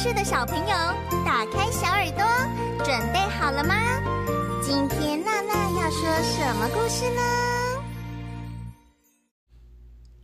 是的小朋友，打開小耳朵，準備好了嗎？今天娜娜要說什麼故事呢？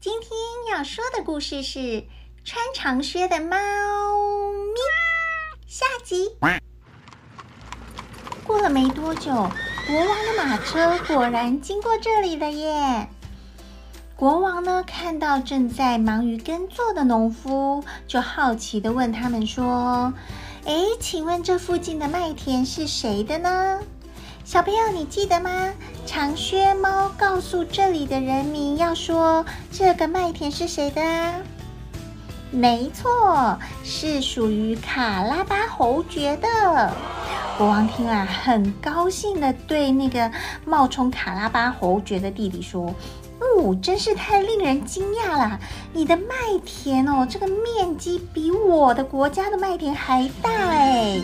今天要說的故事是《穿長靴的貓咪》。下集。過了沒多久，國王的馬車果然經過這裡了耶。看到正在忙於耕作的農夫，就好奇的問他們說：“誒，請問這附近的麥田是誰的呢？”小朋友，你記得嗎？長靴貓告訴這裡的人民，要說這個麥田是誰的啊？沒錯，是屬於卡拉巴侯爵的。國王聽了，很高興的對那個冒充卡拉巴侯爵的弟弟說。哦，真是太令人驚訝了！你的麥田哦，這個面積比我的國家的麥田還大哎。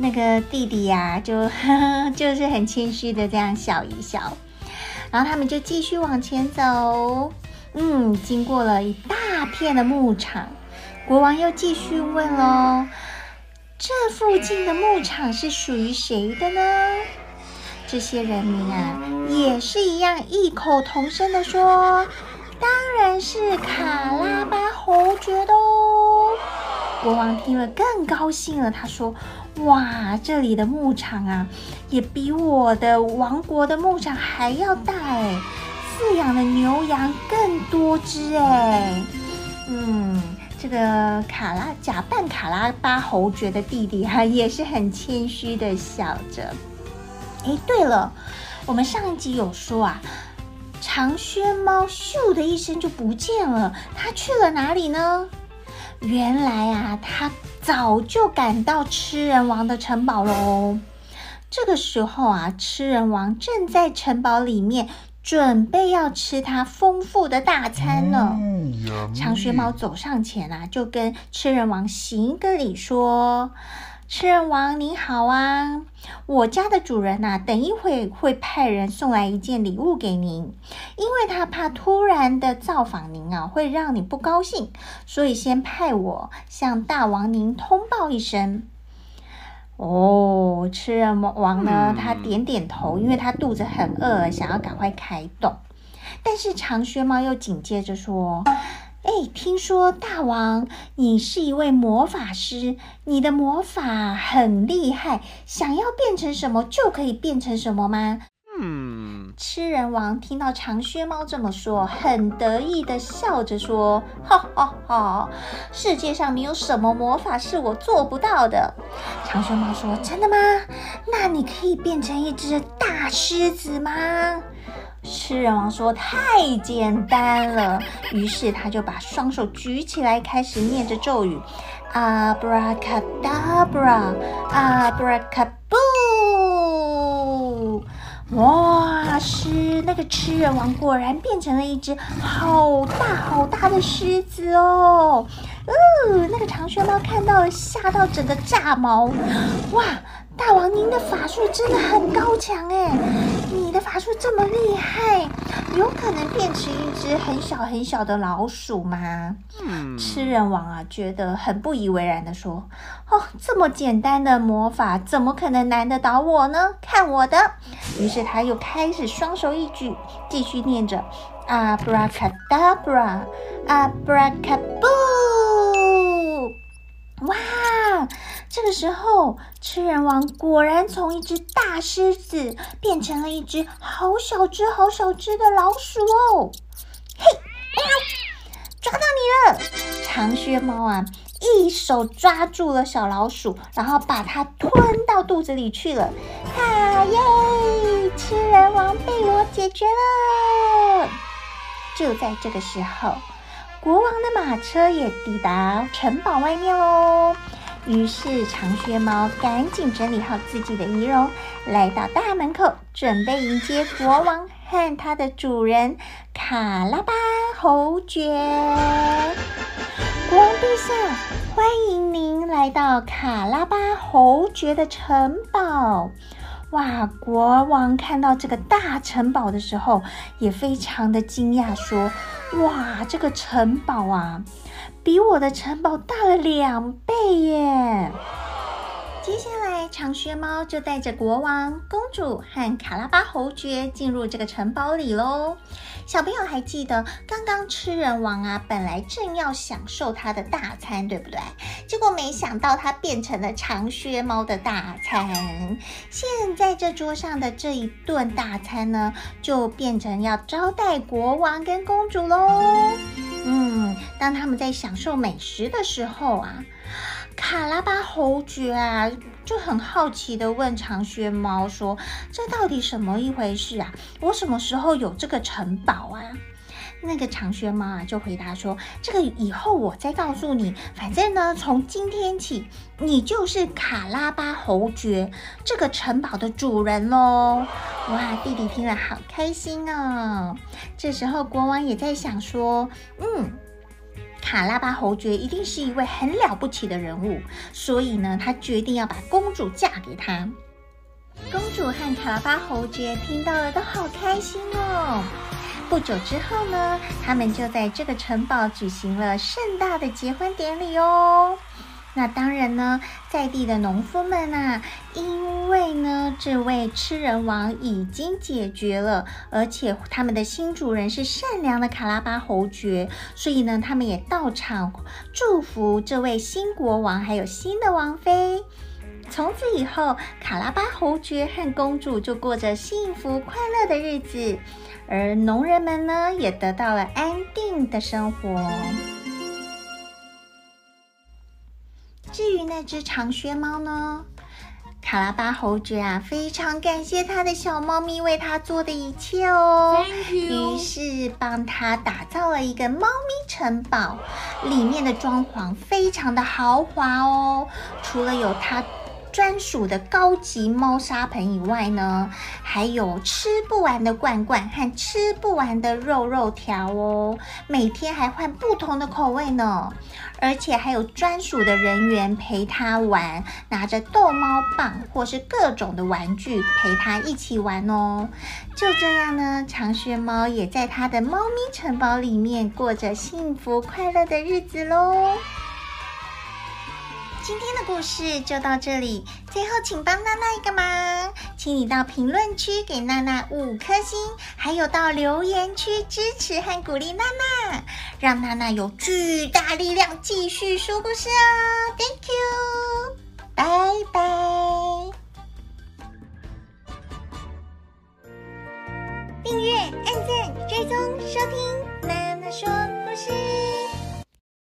那個弟弟呀，就呵呵就是很謙虛的這樣笑一笑，然後他們就繼續往前走。嗯，經過了一大片的牧場，國王又繼續問嘍：“這附近的牧場是屬於誰的呢？”這些人民啊，也是一樣異口同聲的說：“當然是卡拉巴侯爵的哦！”國王聽了更高興了，他說：“哇，這裡的牧場啊，也比我的王國的牧場還要大哎，飼養的牛羊更多隻哎。”嗯，這個卡拉假扮卡拉巴侯爵的弟弟哈、啊，也是很謙虛的笑着。哎，對了，我們上一集有說啊，長靴貓咻的一聲就不見了，它去了哪裡呢？原來啊，它早就趕到吃人王的城堡了哦。這個時候啊，吃人王正在城堡裡面準備要吃它豐富的大餐呢。Oh, yummy. 長靴貓走上前啊，就跟吃人王行個禮說。吃人王，你好啊！我家的主人吶，等一會會派人送來一件禮物給您，因為他怕突然的造訪您啊，會讓你不高興，所以先派我向大王您通報一聲。哦，吃人王呢，他點點頭，因為他肚子很餓，想要趕快開動。但是長靴貓又緊接着說。哎，聽說大王，你是一位魔法師，你的魔法很厲害，想要變成什麼就可以變成什麼嗎？嗯，吃人王聽到長靴貓這麼說，很得意的笑着說：「哈哈哈哈，世界上沒有什麼魔法是我做不到的。」長靴貓說：“真的嗎？那你可以變成一隻大獅子嗎？”吃人王說：“太簡單了。”於是他就把雙手舉起來，開始念着咒語：“Abracadabra, Abracadaboo！”、啊啊、哇，是那個吃人王果然變成了一隻好大好大的獅子哦！呃、嗯，那個長靴貓看到了，嚇到整個炸毛！哇！大王，您的法術真的很高強哎！你的法術這麼厲害，有可能變成一隻很小很小的老鼠嗎？吃人王啊，覺得很不以為然的說：“哦，這麼簡單的魔法，怎麼可能難得倒我呢？看我的！”於是他又開始雙手一舉，繼續念着 “Abracadabra，Abracadabra！” 哇！這個時候，吃人王果然從一隻大獅子變成了一隻好小隻好小隻的老鼠哦！嘿，哎、抓到你了！長靴貓啊，一手抓住了小老鼠，然後把它吞到肚子裡去了。好、啊、耶，吃人王被我解決了！就在這個時候，國王的馬車也抵達城堡外面嘍。於是長靴貓趕緊整理好自己的儀容，來到大門口，準備迎接國王和他的主人卡拉巴侯爵。國王陛下，歡迎您來到卡拉巴侯爵的城堡。哇！國王看到這個大城堡的時候，也非常的驚訝，說：“哇，這個城堡啊！”比我的城堡大了兩倍耶！接下來，長靴貓就帶着國王、公主和卡拉巴侯爵進入這個城堡裡嘍。小朋友還記得剛剛吃人王啊？本來正要享受他的大餐，對不對？結果沒想到他變成了長靴貓的大餐。現在這桌上的這一頓大餐呢，就變成要招待國王跟公主嘍。嗯，當他們在享受美食的時候啊，卡拉巴侯爵啊就很好奇的問長靴貓說：“這到底什麼一回事啊？我什麼時候有這個城堡啊？”那個長靴貓啊，就回答說：“這個以後我再告訴你。反正呢，從今天起，你就是卡拉巴侯爵這個城堡的主人嘍。”哇，弟弟聽了好開心哦。這時候國王也在想說：“嗯，卡拉巴侯爵一定是一位很了不起的人物，所以呢，他決定要把公主嫁給他。”公主和卡拉巴侯爵聽到了都好開心哦。不久之後呢，他們就在這個城堡舉行了盛大的結婚典禮哦。那當然呢，在地的農夫們吶、啊，因為呢，這位吃人王已經解決了，而且他們的新主人是善良的卡拉巴侯爵，所以呢，他們也到場祝福這位新國王還有新的王妃。從此以後，卡拉巴侯爵和公主就過着幸福快樂的日子。而農人們呢，也得到了安定的生活。至於那隻長靴貓呢，卡拉巴侯爵啊，非常感謝他的小貓咪為他做的一切哦。於是幫他打造了一個貓咪城堡，裡面的裝潢非常的豪華哦。除了有他，專屬的高級貓砂盆以外呢，還有吃不完的罐罐和吃不完的肉肉條哦，每天還換不同的口味呢，而且還有專屬的人員陪它玩，拿着逗貓棒或是各種的玩具陪它一起玩哦。就這樣呢，長靴貓也在它的貓咪城堡裡面過着幸福快樂的日子嘍。今天的故事就到這裡。最後，請幫娜娜一個忙，請你到評論區給娜娜五顆星，還有到留言區支持和鼓勵娜娜，讓娜娜有巨大力量繼續說故事哦。Thank you，拜拜。訂閱、按贊、追蹤、收聽娜娜說故事。